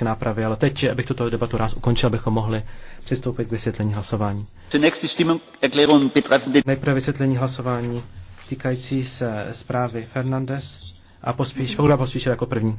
k nápravě, ale teď, abych tuto debatu ráz ukončil, abychom mohli přistoupit k vysvětlení hlasování. Nejprve vysvětlení hlasování týkající se zprávy Fernandez a pospíš, Paula pospíš jako první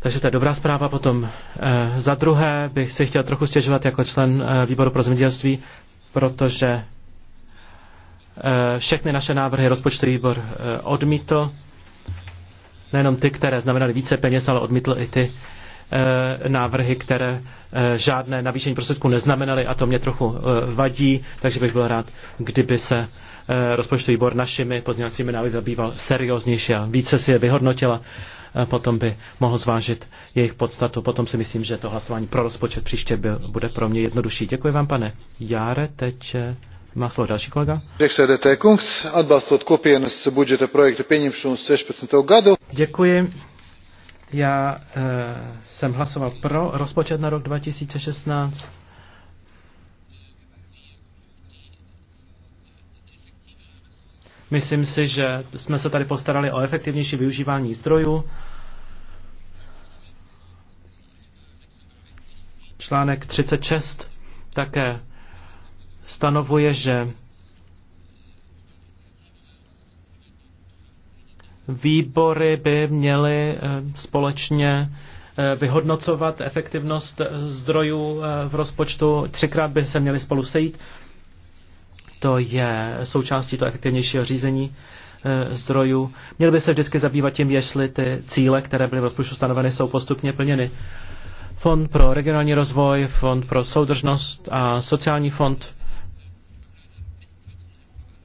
Takže to je dobrá zpráva. Potom e, za druhé bych si chtěl trochu stěžovat jako člen e, výboru pro zemědělství, protože e, všechny naše návrhy rozpočtový výbor e, odmítl. Nejenom ty, které znamenaly více peněz, ale odmítl i ty e, návrhy, které e, žádné navýšení prostředků neznamenaly a to mě trochu e, vadí, takže bych byl rád, kdyby se e, rozpočtový výbor našimi pozměňovacími návrhy zabýval serióznější a více si je vyhodnotila. E, Eh, potom by mohl zvážit jejich podstatu. Potom si myslím, že to hlasování pro rozpočet příště byl, bude pro mě jednodušší. Děkuji vám, pane Járe. Teď eh, má slovo další kolega. Děkuji. Já e, jsem hlasoval pro rozpočet na rok 2016 Myslím si, že jsme se tady postarali o efektivnější využívání zdrojů. Článek 36 také stanovuje, že výbory by měly eh, společně eh, vyhodnocovat efektivnost eh, zdrojů v rozpočtu. Třikrát by se měly spolu sejít to je součástí toho efektivnějšího řízení eh, zdrojů. Měl by se vždycky zabývat tím, jestli ty cíle, které byly v rozpočtu stanoveny, jsou postupně plněny. Fond pro regionální rozvoj, fond pro soudržnost a sociální fond.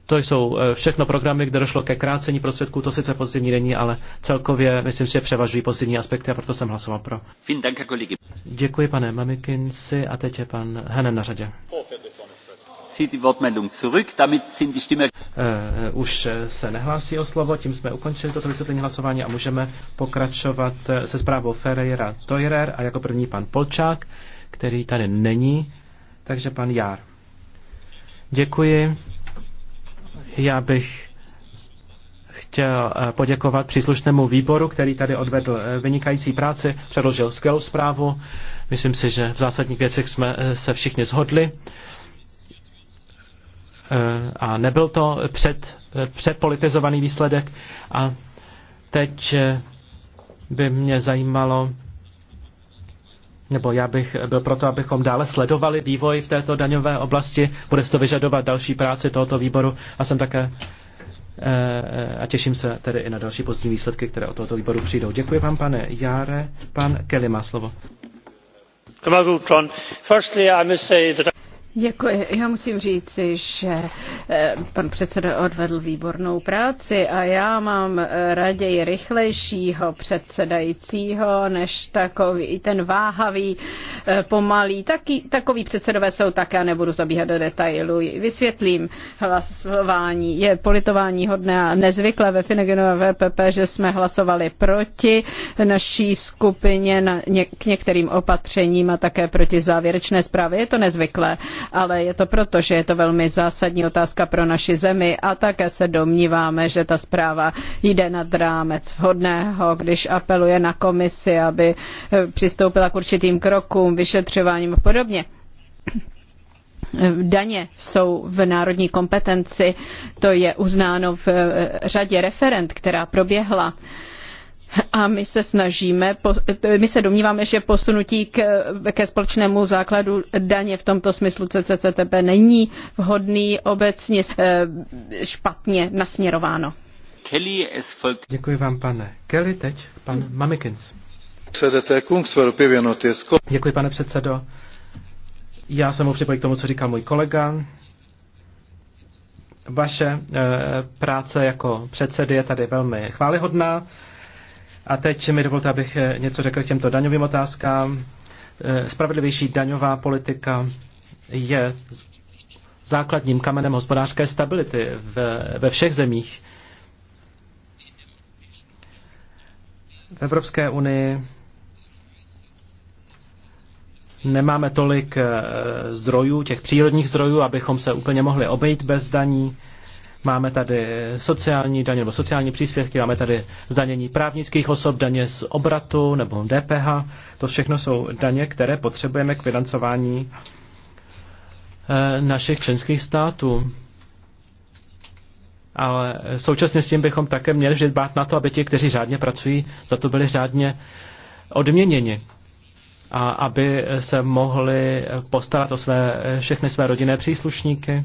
To jsou eh, všechno programy, kde došlo ke krácení prostředků, to sice pozitivní není, ale celkově myslím, že převažují pozitivní aspekty a proto jsem hlasoval pro. Děkuji pane Mamikinsi a teď je pan Henen na řadě. Eh, už se nehlásí o slovo, tím jsme ukončili toto vysvětlení hlasování a můžeme pokračovat eh, se zprávou Ferreira Toirer a jako první pan Polčák, který tady není, takže pan Jár. Děkuji. Já bych chtěl eh, poděkovat příslušnému výboru, který tady odvedl vynikající práci, předložil skvělou zprávu. Myslím si, že v zásadních věcech jsme se všichni shodli a nebyl to před, přepolitizovaný výsledek. A teď eh, by mě zajímalo, nebo já bych byl proto, abychom dále sledovali vývoj v této daňové oblasti. Bude se to vyžadovat další práci tohoto výboru a jsem také eh, a těším se tedy i na další pozdní výsledky, které od tohoto výboru přijdou. Děkuji vám, pane Járe. Pan Kelly má slovo. Děkuji. Já musím říci, že eh, pan předseda odvedl výbornou práci a já mám eh, raději rychlejšího předsedajícího než takový ten váhavý, eh, pomalý. Taky, takový předsedové jsou také, nebudu zabíhat do detailů. Vysvětlím hlasování. Je politování hodné a nezvyklé ve Finegenové VPP, že jsme hlasovali proti naší skupině na ně, k některým opatřením a také proti závěrečné zprávě. Je to nezvyklé ale je to proto, že je to velmi zásadní otázka pro naši zemi a také se domníváme, že ta zpráva jde nad rámec vhodného, když apeluje na komisi, aby eh, přistoupila k určitým krokům, vyšetřováním a podobně daně jsou v národní kompetenci, to je uznáno v eh, řadě referent, která proběhla a my se snažíme, my se domníváme, že posunutí k, ke společnému základu daně v tomto smyslu CCCTB není vhodný obecně eh, špatně nasměrováno. Děkuji vám, pane Kelly. Teď pan Mamikins. No Děkuji, pane předsedo. Já se mu připojím k tomu, co říká můj kolega. Vaše eh, práce jako předsedy je tady velmi chválihodná. A teď mi dovolte, abych eh, něco řekl k těmto daňovým otázkám. Eh, spravedlivější daňová politika je základním kamenem hospodářské stability ve všech zemích. V Evropské unii nemáme tolik eh, zdrojů, těch přírodních zdrojů, abychom se úplně mohli obejít bez daní. Máme tady sociální daně nebo sociální příspěvky, máme tady zdanění právnických osob, daně z obratu nebo DPH. To všechno jsou daně, které potřebujeme k financování eh, našich členských států. Ale současně s tím bychom také měli vždy dbát na to, aby ti, kteří řádně pracují, za to byli řádně odměněni a aby se mohli postarat o své, všechny své rodinné příslušníky,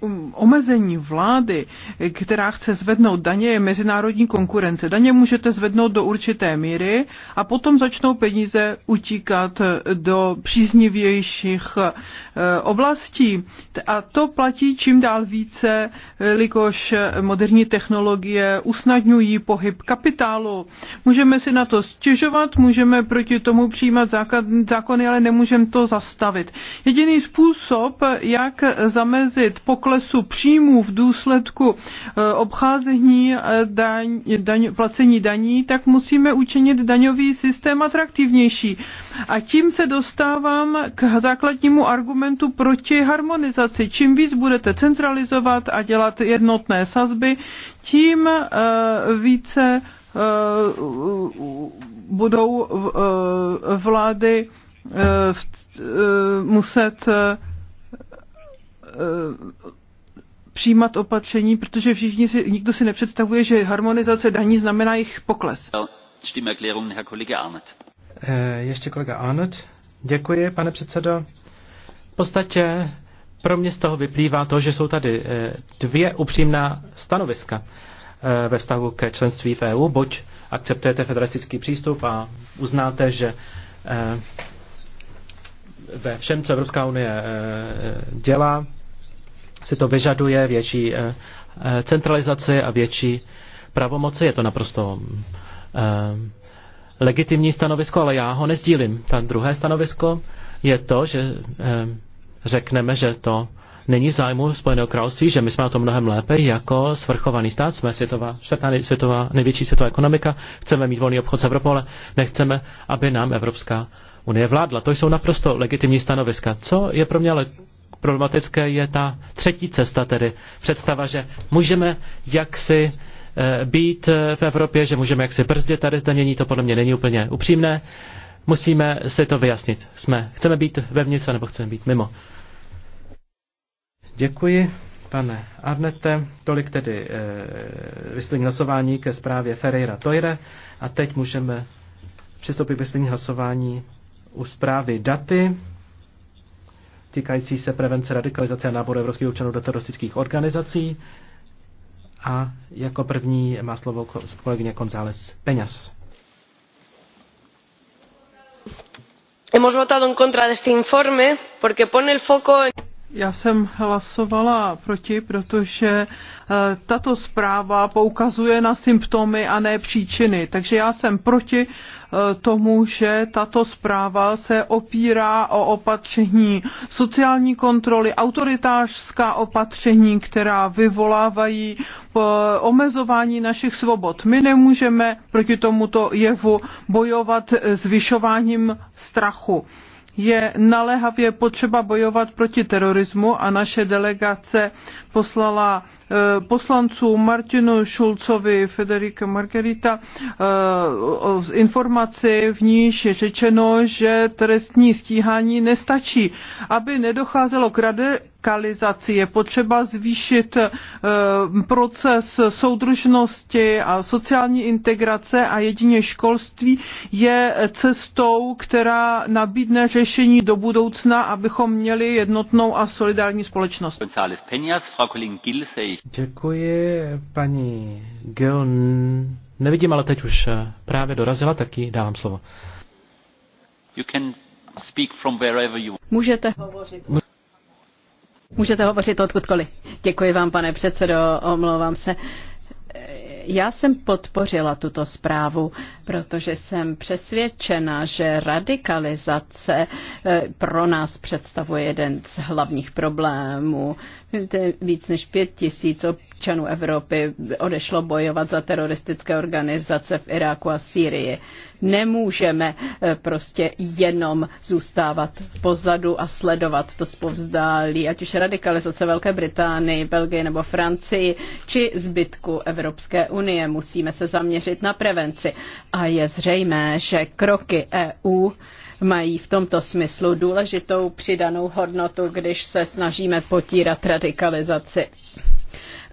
Um, omezení vlády, která chce zvednout daně, je mezinárodní konkurence. Daně můžete zvednout do určité míry a potom začnou peníze utíkat do příznivějších eh, oblastí. A to platí čím dál více, eh, jelikož eh, moderní technologie usnadňují pohyb kapitálu. Můžeme si na to stěžovat, můžeme proti tomu přijímat zákony, ale nemůžeme to zastavit. Jediný způsob, jak zamezit pokl poklesu příjmů v důsledku eh, obcházení eh, daň, daň, placení daní, tak musíme učinit daňový systém atraktivnější. A tím se dostávám k základnímu argumentu proti harmonizaci. Čím víc budete centralizovat a dělat jednotné sazby, tím eh, více budou vlády muset Eh, přijímat opatření, protože všichni si, nikdo si nepředstavuje, že harmonizace daní znamená jejich pokles. Eh, ještě kolega Arnott. Děkuji, pane předsedo. V podstatě pro mě z toho vyplývá to, že jsou tady eh, dvě upřímná stanoviska ve vztahu ke členství v EU. Buď akceptujete federalistický přístup a uznáte, že ve všem, co Evropská unie dělá, si to vyžaduje větší eh, eh, centralizaci a větší pravomoci. Je to naprosto eh, legitimní stanovisko, ale já ho nezdílím. Ta druhé stanovisko je to, že řekneme, že to není zájmu Spojeného království, že my jsme na to mnohem lépe jako svrchovaný stát, jsme světová, čtvrtá světová, největší světová ekonomika, chceme mít volný obchod s Evropou, ale nechceme, aby nám Evropská unie vládla. To jsou naprosto legitimní stanoviska. Co je pro mě ale problematické je ta třetí cesta, tedy představa, že můžeme jaksi eh, být eh, v Evropě, že můžeme jaksi brzdit tady zdanění, to podle mě není úplně upřímné. Musíme si to vyjasnit. Jsme, chceme být vevnitř, nebo chceme být mimo. Děkuji, pane Arnete. Tolik tedy e, vyslední hlasování ke zprávě Ferreira Toire. A teď můžeme přistoupit k vyslední hlasování u zprávy daty týkající se prevence radikalizace a náboru evropských občanů do teroristických organizací. A jako první má slovo kolegyně González Peňas. Hemos votado en contra de este informe porque pone el foco en... Já jsem hlasovala proti, protože eh, tato zpráva poukazuje na symptomy a ne příčiny. Takže já jsem proti eh, tomu, že tato zpráva se opírá o opatření sociální kontroly, autoritářská opatření, která vyvolávají eh, omezování našich svobod. My nemůžeme proti tomuto jevu bojovat zvyšováním strachu je naléhavě potřeba bojovat proti terorismu a naše delegace poslala Eh, poslanců Martinu Šulcovi, Federika Margarita eh, informaci, v níž je řečeno, že trestní stíhání nestačí. Aby nedocházelo k rade, radikalizaci, je potřeba zvýšit eh, proces soudržnosti a sociální integrace a jedině školství je cestou, která nabídne řešení do budoucna, abychom měli jednotnou a solidární společnost. Děkuji, paní Gil. Nevidím, ale teď už eh, právě dorazila, tak jí dávám slovo. You can speak from wherever you... Můžete hovořit. Můžete hovořit odkudkoliv. Děkuji vám, pane předsedo, omlouvám se já jsem podpořila tuto zprávu, protože jsem přesvědčena, že radikalizace eh, pro nás představuje jeden z hlavních problémů. Víc než pět tisíc občanů Evropy odešlo bojovat za teroristické organizace v Iráku a Sýrii. Nemůžeme eh, prostě jenom zůstávat pozadu a sledovat to zpovzdálí, ať už radikalizace Velké Británii, Belgii nebo Francii, či zbytku Evropské unie. Musíme se zaměřit na prevenci. A je zřejmé, že kroky EU mají v tomto smyslu důležitou přidanou hodnotu, když se snažíme potírat radikalizaci.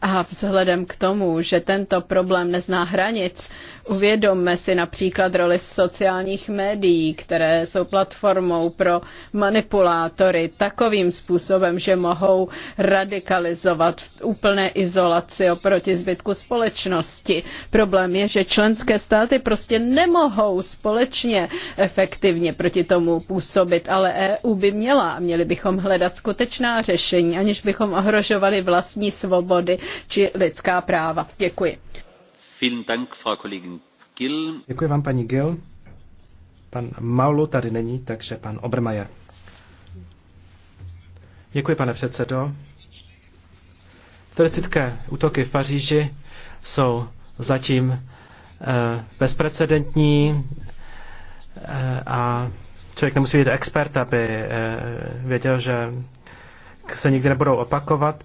A vzhledem k tomu, že tento problém nezná hranic, uvědomme si například roli sociálních médií, které jsou platformou pro manipulátory takovým způsobem, že mohou radikalizovat v úplné izolaci oproti zbytku společnosti. Problém je, že členské státy prostě nemohou společně efektivně proti tomu působit, ale EU by měla. Měli bychom hledat skutečná řešení, aniž bychom ohrožovali vlastní svobody či lidská práva. Děkuji. Děkuji vám, paní Gil. Pan Maulu tady není, takže pan Obermajer. Děkuji, pane předsedo. Teroristické útoky v Paříži jsou zatím eh, bezprecedentní eh, a člověk nemusí být expert, aby eh, věděl, že se nikdy nebudou opakovat.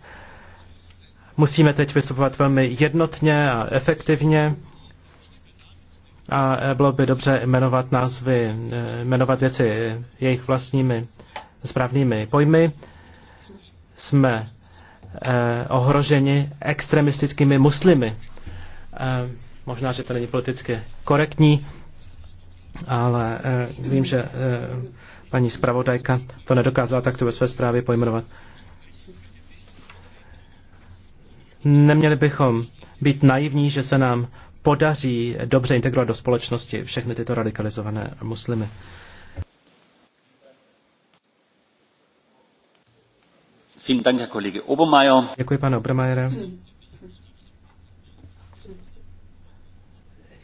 Musíme teď vystupovat velmi jednotně a efektivně a bylo by dobře jmenovat názvy, eh, jmenovat věci jejich vlastními správnými pojmy. Jsme eh, ohroženi extremistickými muslimy. Eh, možná, že to není politicky korektní, ale vím, že paní zpravodajka to nedokázala takto ve své zprávě pojmenovat. Neměli bychom být naivní, že se nám podaří dobře integrovat do společnosti všechny tyto radikalizované muslimy. Děkuji, pane Obermajere.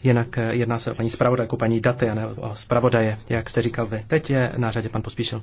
Jinak eh, jedná se o paní zpravodajku, paní Daty, a ne o zpravodaje, jak jste říkal vy. Teď je na řadě pan Pospíšil.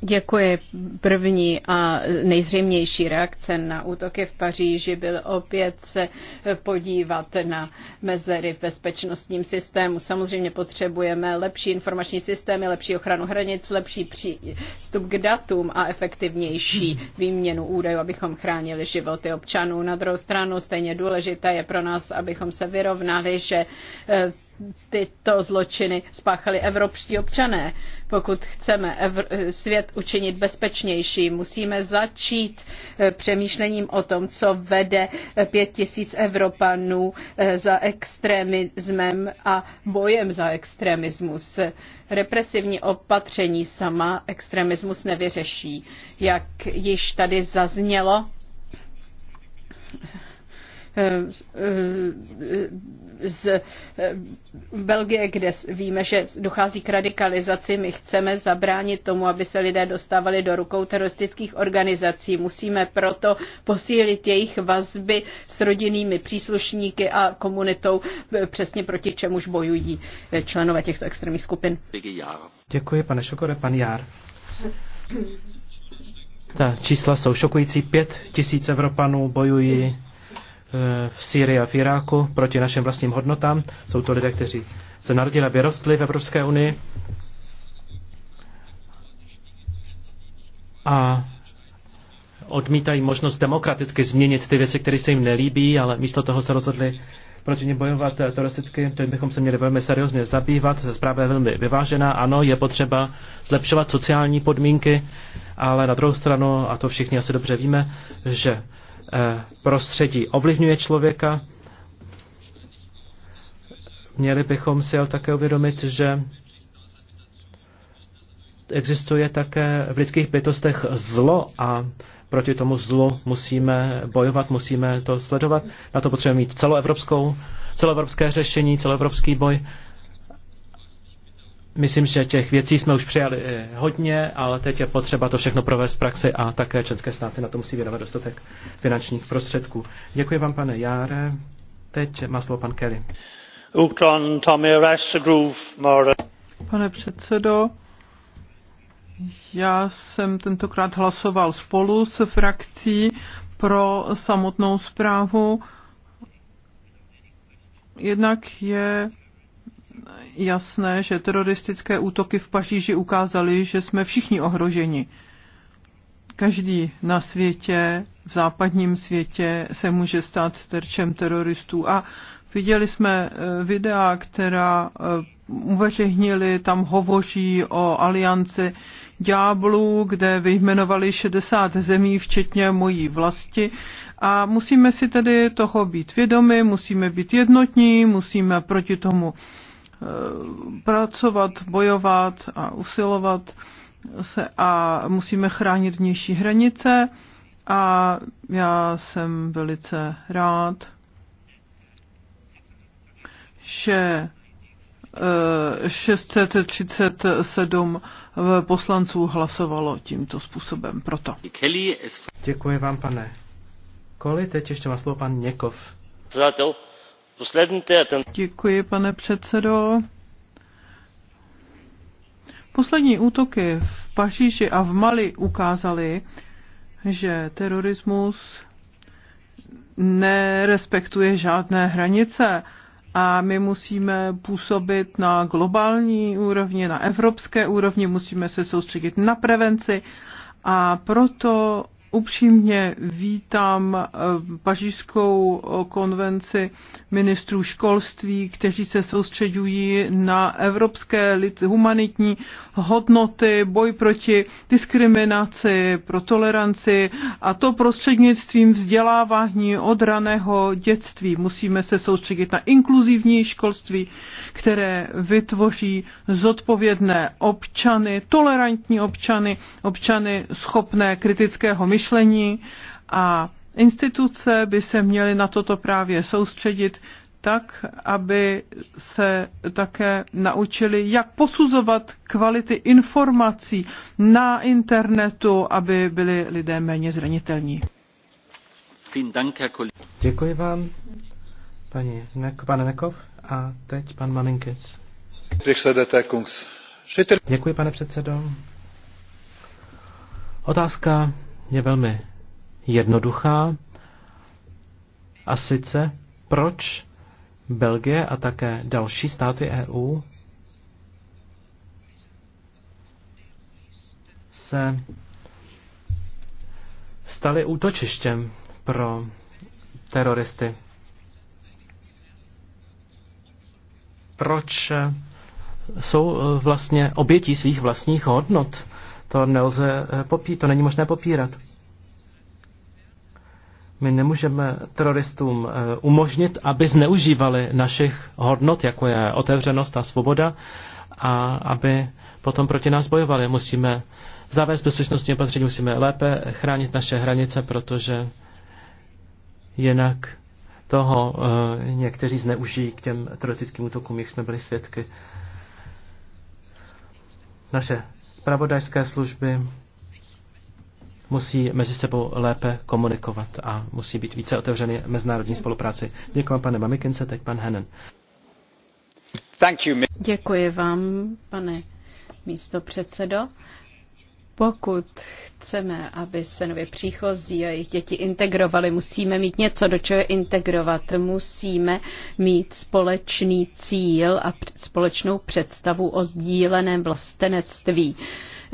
Děkuji. První a nejzřejmější reakce na útoky v Paříži byl opět se podívat na mezery v bezpečnostním systému. Samozřejmě potřebujeme lepší informační systémy, lepší ochranu hranic, lepší přístup k datům a efektivnější výměnu údajů, abychom chránili životy občanů. Na druhou stranu stejně důležité je pro nás, abychom se vyrovnali, že eh, tyto zločiny spáchali evropští občané. Pokud chceme svět učinit bezpečnější, musíme začít eh, přemýšlením o tom, co vede eh, pět tisíc Evropanů eh, za extremismem a bojem za extremismus. Represivní opatření sama extremismus nevyřeší. Jak již tady zaznělo, Eh, z eh, Belgie, kde víme, že dochází k radikalizaci. My chceme zabránit tomu, aby se lidé dostávali do rukou teroristických organizací. Musíme proto posílit jejich vazby s rodinnými příslušníky a komunitou, eh, přesně proti čemuž bojují členové těchto extrémních skupin. Děkuji, pane Šokore, pan Jár. Ta čísla jsou šokující. Pět tisíc Evropanů bojují v Syrii a v Iráku proti našim vlastním hodnotám. Jsou to lidé, kteří se narodili a vyrostli v Evropské unii. A odmítají možnost demokraticky změnit ty věci, které se jim nelíbí, ale místo toho se rozhodli proti ně bojovat teroristicky, teď bychom se měli velmi seriózně zabývat. Zpráva je velmi vyvážená. Ano, je potřeba zlepšovat sociální podmínky, ale na druhou stranu, a to všichni asi dobře víme, že Eh, prostředí ovlivňuje člověka. Měli bychom si ale také uvědomit, že existuje také v lidských bytostech zlo a proti tomu zlu musíme bojovat, musíme to sledovat. Na to potřebujeme mít celoevropskou, celoevropské řešení, celoevropský boj. Myslím, že těch věcí jsme už přijali eh, hodně, ale teď je potřeba to všechno provést v praxi a také české státy na to musí věnovat dostatek finančních prostředků. Děkuji vám, pane Járe. Teď má slovo pan Kelly. Pane předsedo, já jsem tentokrát hlasoval spolu s frakcí pro samotnou zprávu. Jednak je jasné, že teroristické útoky v Paříži ukázaly, že jsme všichni ohroženi. Každý na světě, v západním světě, se může stát terčem teroristů. A viděli jsme eh, videa, která eh, uveřejnili, tam hovoří o alianci Ďáblu, kde vyjmenovali 60 zemí, včetně mojí vlasti. A musíme si tedy toho být vědomi, musíme být jednotní, musíme proti tomu Eh, pracovat, bojovat a usilovat se a musíme chránit vnější hranice a já jsem velice rád, že 637 eh, poslanců hlasovalo tímto způsobem proto. Děkuji vám, pane Koli. Teď ještě má slovo pan Někov. Za to. Děkuji, pane předsedo. Poslední útoky v Paříži a v Mali ukázaly, že terorismus nerespektuje žádné hranice a my musíme působit na globální úrovni, na evropské úrovni, musíme se soustředit na prevenci a proto upřímně vítám eh, pařížskou eh, konvenci ministrů školství, kteří se soustředují na evropské humanitní hodnoty, boj proti diskriminaci, pro toleranci a to prostřednictvím vzdělávání od raného dětství. Musíme se soustředit na inkluzivní školství, které vytvoří zodpovědné občany, tolerantní občany, občany schopné kritického myšlení myšlení a instituce by se měly na toto právě soustředit tak, aby se také naučili, jak posuzovat kvality informací na internetu, aby byli lidé méně zranitelní. Děkuji vám, paní Nek, pane Nekov, a teď pan Maninkec. Děkuji, pane předsedo. Otázka je velmi jednoduchá. A sice, proč Belgie a také další státy EU se staly útočištěm pro teroristy. Proč jsou eh, vlastně obětí svých vlastních hodnot? To nelze eh, popí, to není možné popírat. My nemůžeme teroristům eh, umožnit, aby zneužívali našich hodnot, jako je otevřenost a svoboda, a aby potom proti nás bojovali. Musíme zavést bezpečnostní opatření, musíme lépe chránit naše hranice, protože jinak toho eh, někteří zneužijí k těm teroristickým útokům, jak jsme byli svědky. Naše Pravodajské služby musí mezi sebou lépe komunikovat a musí být více otevřeny mezinárodní spolupráci. Děkuji pane Mamikince, teď pan Henen. Děkuji vám, pane místo předsedo. Pokud chceme, aby se nově příchozí a jejich děti integrovali, musíme mít něco, do čeho je integrovat. Musíme mít společný cíl a společnou představu o sdíleném vlastenectví.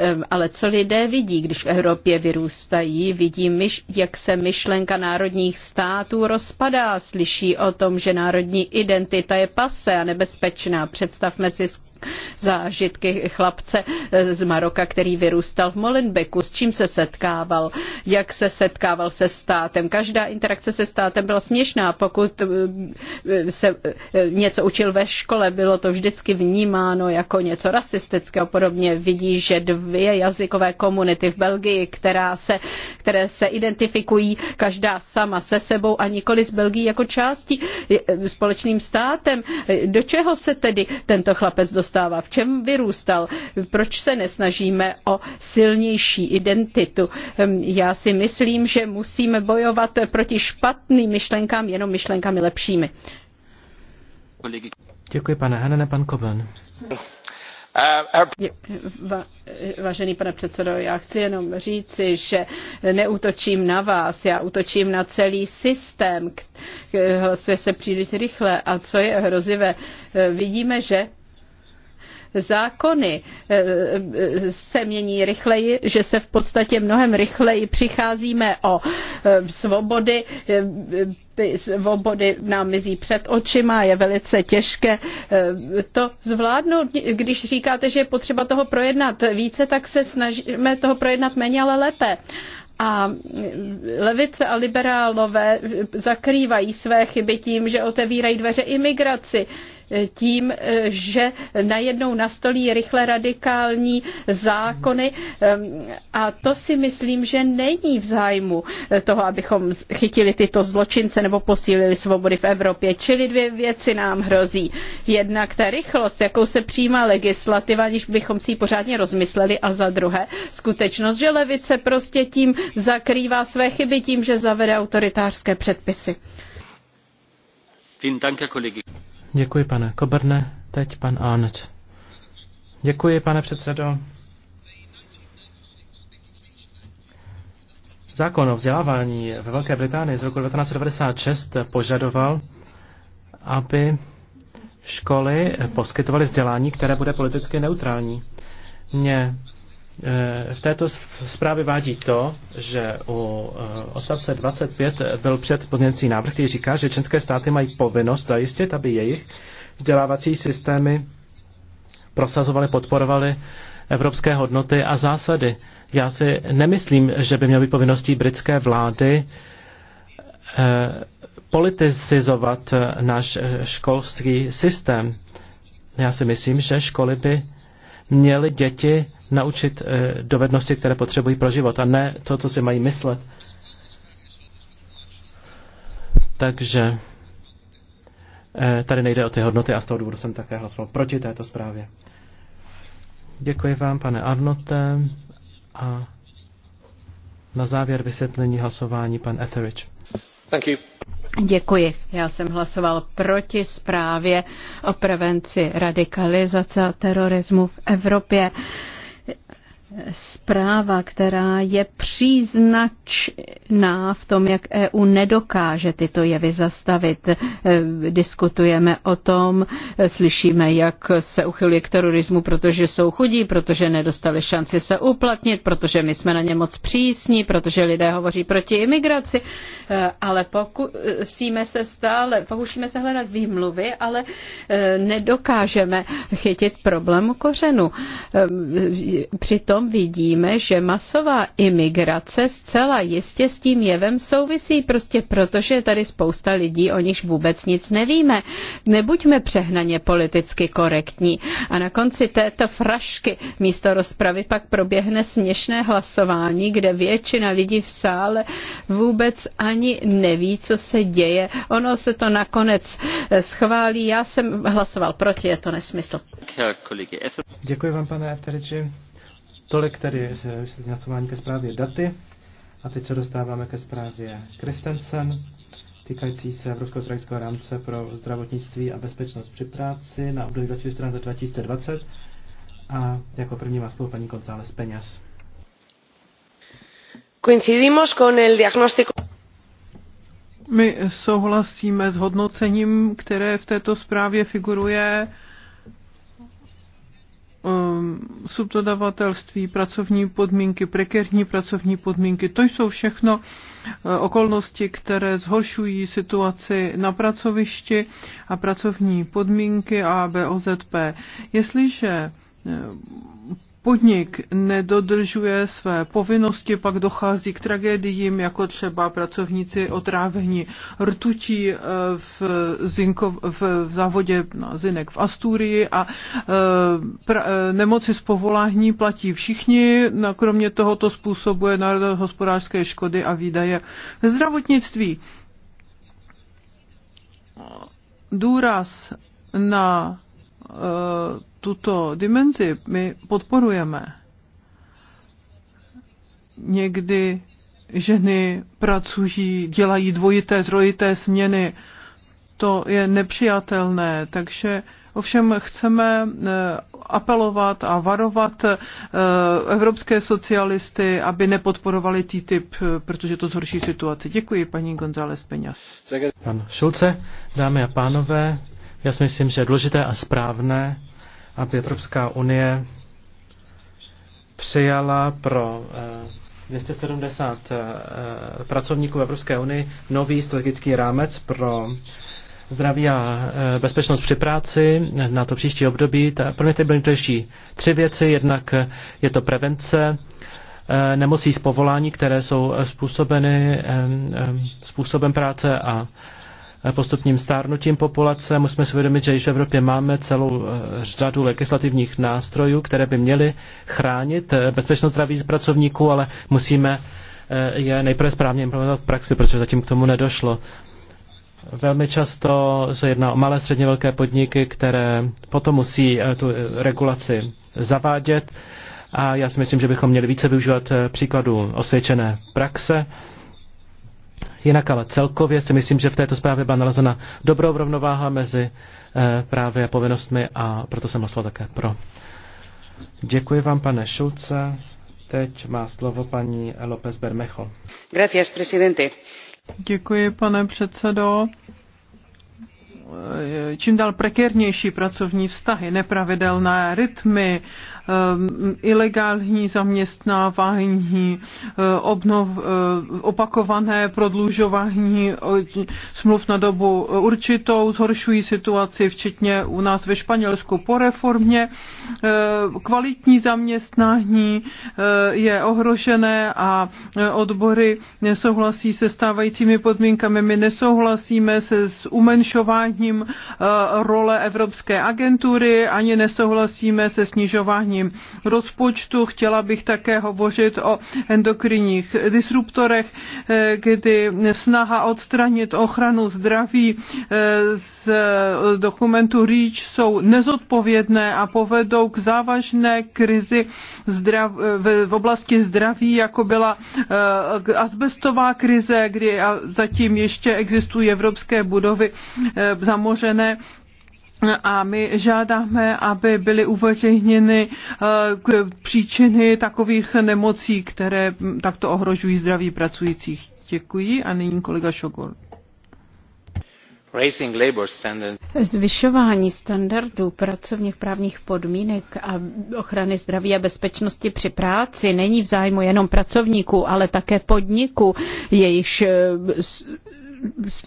Ehm, ale co lidé vidí, když v Evropě vyrůstají? Vidí, myš, jak se myšlenka národních států rozpadá. Slyší o tom, že národní identita je pase a nebezpečná. Představme si zážitky chlapce eh, z Maroka, který vyrůstal v Molenbeku, s čím se setkával, jak se setkával se státem. Každá interakce se státem byla směšná, pokud eh, eh, se něco učil ve škole, bylo to vždycky vnímáno jako něco rasistického. Podobně vidí, že dvě jazykové komunity v Belgii, která se, které se identifikují každá sama se sebou a nikoli z Belgii jako částí společným státem. Do čeho se tedy tento chlapec dostal? dostává, v čem vyrůstal, proč se nesnažíme o silnější identitu. Ehm, já si myslím, že musíme bojovat proti špatným myšlenkám, jenom myšlenkami lepšími. Děkuji, pane Hanene, pan Koben. Vážený pane předsedo, já chci jenom říci, že neútočím na vás, já útočím na celý systém. Hlasuje se příliš rychle a co je hrozivé, vidíme, že zákony eh, eh, se mění rychleji, že se v podstatě mnohem rychleji přicházíme o eh, svobody, ty svobody nám mizí před očima, je velice těžké to zvládnout. Když říkáte, že je potřeba toho projednat více, tak se snažíme toho projednat méně, ale lépe. A levice a liberálové zakrývají své chyby tím, že otevírají dveře imigraci tím, že najednou nastolí rychle radikální zákony ehm, a to si myslím, že není v zájmu toho, abychom chytili tyto zločince nebo posílili svobody v Evropě. Čili dvě věci nám hrozí. Jednak ta rychlost, jakou se přijímá legislativa, aniž bychom si ji pořádně rozmysleli a za druhé skutečnost, že levice prostě tím zakrývá své chyby tím, že zavede autoritářské předpisy. Vielen Dank, Herr Kollege. Děkuji, pane Kobrne. Teď pan Arnett. Děkuji, pane předsedo. Zákon o vzdělávání ve Velké Británii z roku 1996 požadoval, aby školy poskytovaly vzdělání, které bude politicky neutrální. Mě Eh, v této zprávě vádí to, že u eh, odstavce 25 byl před pozměňovací návrh, který říká, že české státy mají povinnost zajistit, aby jejich vzdělávací systémy prosazovaly, podporovaly evropské hodnoty a zásady. Já si nemyslím, že by měl být povinností britské vlády eh, politizovat náš školský systém. Já si myslím, že školy by měli děti naučit eh, dovednosti, které potřebují pro život a ne to, co si mají myslet. Takže eh, tady nejde o ty hodnoty a z toho důvodu jsem také hlasoval proti této zprávě. Děkuji vám, pane Arnote. A na závěr vysvětlení hlasování pan Etheridge. Thank you. Děkuji. Já jsem hlasoval proti zprávě o prevenci radikalizace a terorismu v Evropě zpráva, která je příznačná v tom, jak EU nedokáže tyto jevy zastavit. E, diskutujeme o tom, slyšíme, jak se uchyluje k terorismu, protože jsou chudí, protože nedostali šanci se uplatnit, protože my jsme na ně moc přísní, protože lidé hovoří proti imigraci, e, ale pokusíme se stále, pokusíme se hledat výmluvy, ale e, nedokážeme chytit problému kořenu. Přitom tom vidíme, že masová imigrace zcela jistě s tím jevem souvisí, prostě protože je tady spousta lidí, o nichž vůbec nic nevíme. Nebuďme přehnaně politicky korektní. A na konci této frašky místo rozpravy pak proběhne směšné hlasování, kde většina lidí v sále vůbec ani neví, co se děje. Ono se to nakonec eh, schválí. Já jsem hlasoval proti, je to nesmysl. Děkuji vám, pane Eteriči. Tolik tedy vysvětlňování ke zprávě daty. A teď se dostáváme ke zprávě Kristensen, týkající se Evropského strategického rámce pro zdravotnictví a bezpečnost při práci na období 2014-2020. A jako první má slovo paní González Peněz. Coincidimos con el diagnóstico. My souhlasíme s hodnocením, které v této zprávě figuruje Eh, subdodavatelství, pracovní podmínky, prekérní pracovní podmínky. To jsou všechno eh, okolnosti, které zhoršují situaci na pracovišti a pracovní podmínky a BOZP. Jestliže eh, podnik nedodržuje své povinnosti, pak dochází k tragédiím, jako třeba pracovníci otrávení rtutí eh, v, zinko, v, v závodě na zinek v Asturii a eh, pra, eh, nemoci z povolání platí všichni, no, kromě toho to způsobuje hospodářské škody a výdaje zdravotnictví. Důraz na tuto dimenzi my podporujeme. Někdy ženy pracují, dělají dvojité, trojité směny. To je nepřijatelné, takže Ovšem chceme eh, apelovat a varovat eh, evropské socialisty, aby nepodporovali TTIP, eh, protože to zhorší situaci. Děkuji, paní González Peňa. Pan Šulce, dámy a pánové, já si myslím, že je důležité a správné, aby Evropská unie přijala pro eh, 270 eh, pracovníků Evropské unii nový strategický rámec pro zdraví a eh, bezpečnost při práci na to příští období. Pro mě ty byly důležitější tři věci. Jednak je to prevence nemocí z povolání, které jsou způsobeny způsobem práce a postupním stárnutím populace. Musíme si uvědomit, že již v Evropě máme celou eh, řadu legislativních nástrojů, které by měly chránit eh, bezpečnost zdraví pracovníků, ale musíme eh, je nejprve správně implementovat v praxi, protože zatím k tomu nedošlo. Velmi často se jedná o malé, středně velké podniky, které potom musí tu regulaci zavádět. A já si myslím, že bychom měli více využívat příkladů osvědčené praxe Jinak ale celkově si myslím, že v této zprávě byla nalezena dobrou rovnováha mezi eh, právě a povinnostmi a proto jsem hlasoval také pro. Děkuji vám, pane Šulce. Teď má slovo paní López Bermejo. Gracias, presidente. Děkuji, pane předsedo eh, čím dál prekérnější pracovní vztahy, nepravidelné rytmy Ehm, ilegální zaměstnávání, eh, obnov, eh, opakované prodlužování eh, smluv na dobu určitou, zhoršují situaci, včetně u nás ve Španělsku po reformě. Kvalitní zaměstnání je ohrožené a odbory nesouhlasí se stávajícími podmínkami. My nesouhlasíme se s umenšováním role Evropské agentury, ani nesouhlasíme se snižováním státním rozpočtu. Chtěla bych také hovořit o endokrinních disruptorech, eh, kdy snaha odstranit ochranu zdraví eh, z dokumentu REACH jsou nezodpovědné a povedou k závažné krizi zdrav, v oblasti zdraví, jako byla eh, asbestová krize, kdy zatím ještě existují evropské budovy zamořené a my žádáme, aby byly uveřejněny eh, příčiny takových nemocí, které hm, takto ohrožují zdraví pracujících. Děkuji a nyní kolega Šogor. Zvyšování standardů pracovních právních podmínek a ochrany zdraví a bezpečnosti při práci není v zájmu jenom pracovníků, ale také podniků, jejichž eh,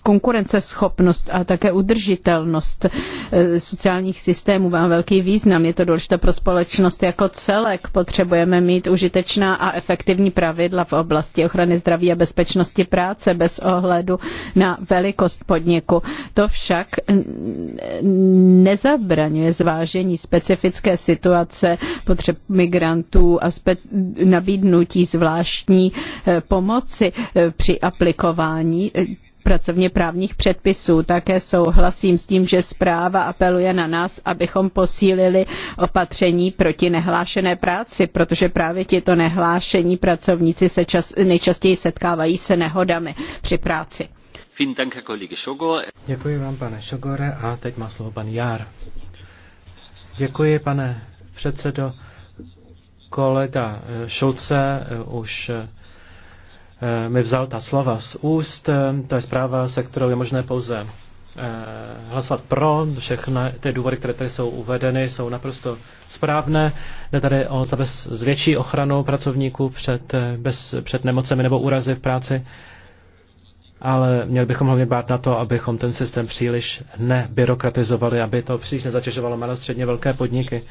konkurenceschopnost a také udržitelnost eh, sociálních systémů má velký význam. Je to důležité pro společnost jako celek. Potřebujeme mít užitečná a efektivní pravidla v oblasti ochrany zdraví a bezpečnosti práce bez ohledu na velikost podniku. To však nezabraňuje zvážení specifické situace potřeb migrantů a nabídnutí zvláštní eh, pomoci eh, při aplikování pracovně právních předpisů. Také souhlasím s tím, že zpráva apeluje na nás, abychom posílili opatření proti nehlášené práci, protože právě tito nehlášení pracovníci se čas, nejčastěji setkávají se nehodami při práci. Děkuji vám, pane Šogore, a teď má slovo pan Jár. Děkuji, pane předsedo. Kolega Šulce už Eh, mi vzal ta slova z úst. Eh, to je zpráva, se kterou je možné pouze eh, hlasovat pro. Všechny ty důvody, které tady jsou uvedeny, jsou naprosto správné. Jde tady o zvětší ochranu pracovníků před, bez, před nemocemi nebo úrazy v práci. Ale měli bychom hlavně bát na to, abychom ten systém příliš nebyrokratizovali, aby to příliš nezatěžovalo malostředně velké podniky.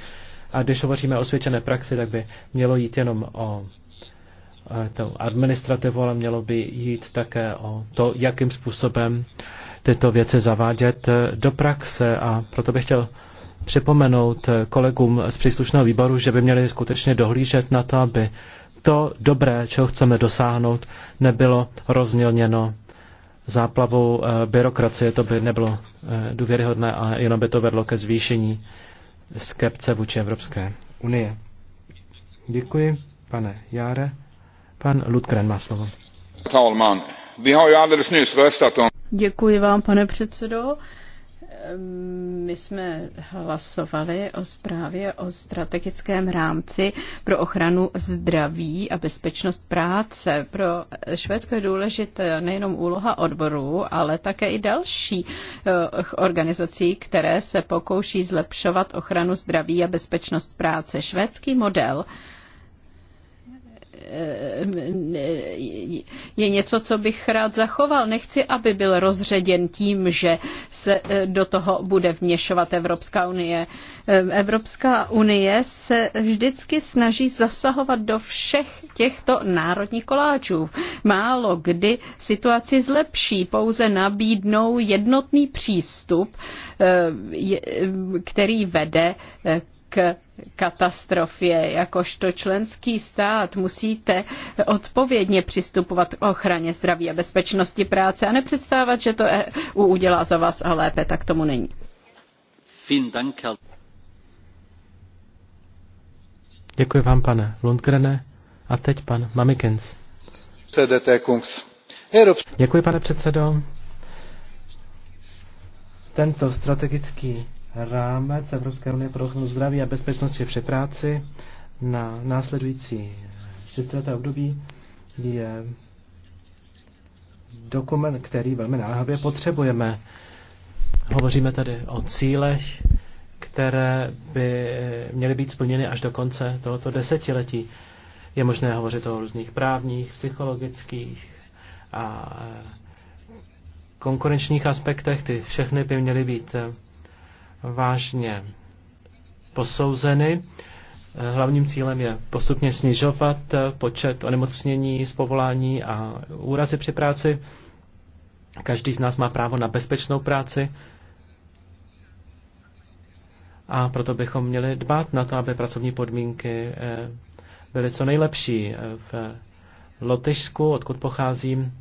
A když hovoříme o osvědčené praxi, tak by mělo jít jenom o Eh, tou administrativu, ale mělo by jít také o to, jakým způsobem tyto věci zavádět eh, do praxe. A proto bych chtěl připomenout eh, kolegům z příslušného výboru, že by měli skutečně dohlížet na to, aby to dobré, čeho chceme dosáhnout, nebylo rozmělněno záplavou byrokracie. To by nebylo důvěryhodné a jenom by to vedlo ke zvýšení skepce vůči Evropské unie. Děkuji, pane Járe. Pan má slovo. Děkuji vám, pane předsedo. Ehm, my jsme hlasovali o zprávě o strategickém rámci pro ochranu zdraví a bezpečnost práce. Pro Švédsko je důležité nejenom úloha odborů, ale také i další eh, organizací, které se pokouší zlepšovat ochranu zdraví a bezpečnost práce. Švédský model je něco, co bych rád zachoval. Nechci, aby byl rozředěn tím, že se eh, do toho bude vměšovat Evropská unie. Eh, Evropská unie se vždycky snaží zasahovat do všech těchto národních koláčů. Málo kdy situaci zlepší, pouze nabídnou jednotný přístup, eh, který vede k katastrofě. Jakožto členský stát musíte odpovědně přistupovat k ochraně zdraví a bezpečnosti práce a nepředstávat, že to EU udělá za vás a lépe, tak tomu není. Děkuji vám, pane Lundgrene. A teď pan Mamikens. Děkuji, pane předsedo. Tento strategický rámec Evropské unie pro ochranu zdraví a bezpečnosti při práci na následující čtyřleté období je dokument, který velmi náhavě potřebujeme. Hovoříme tady o cílech, které by měly být splněny až do konce tohoto desetiletí. Je možné hovořit o různých právních, psychologických a konkurenčních aspektech. Ty všechny by měly být vážně posouzeny. Hlavním cílem je postupně snižovat počet onemocnění z povolání a úrazy při práci. Každý z nás má právo na bezpečnou práci a proto bychom měli dbát na to, aby pracovní podmínky eh, byly co nejlepší. V Lotyšsku, odkud pocházím,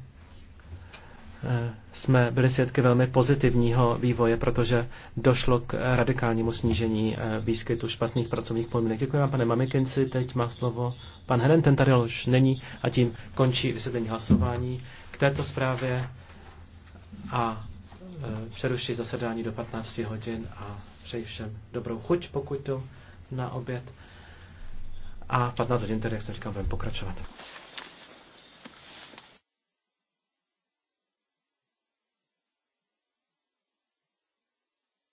Eh, jsme byli svědky velmi pozitivního vývoje, protože došlo k radikálnímu snížení eh, výskytu špatných pracovních podmínek. Děkuji vám, pane Mamikinci. Teď má slovo pan Heren, ten tady už není a tím končí vysvětlení hlasování k této zprávě a eh, přeruší zasedání do 15 hodin a přeji všem dobrou chuť, pokud to na oběd. A 15 hodin tedy, jak jsem říkal, budeme pokračovat.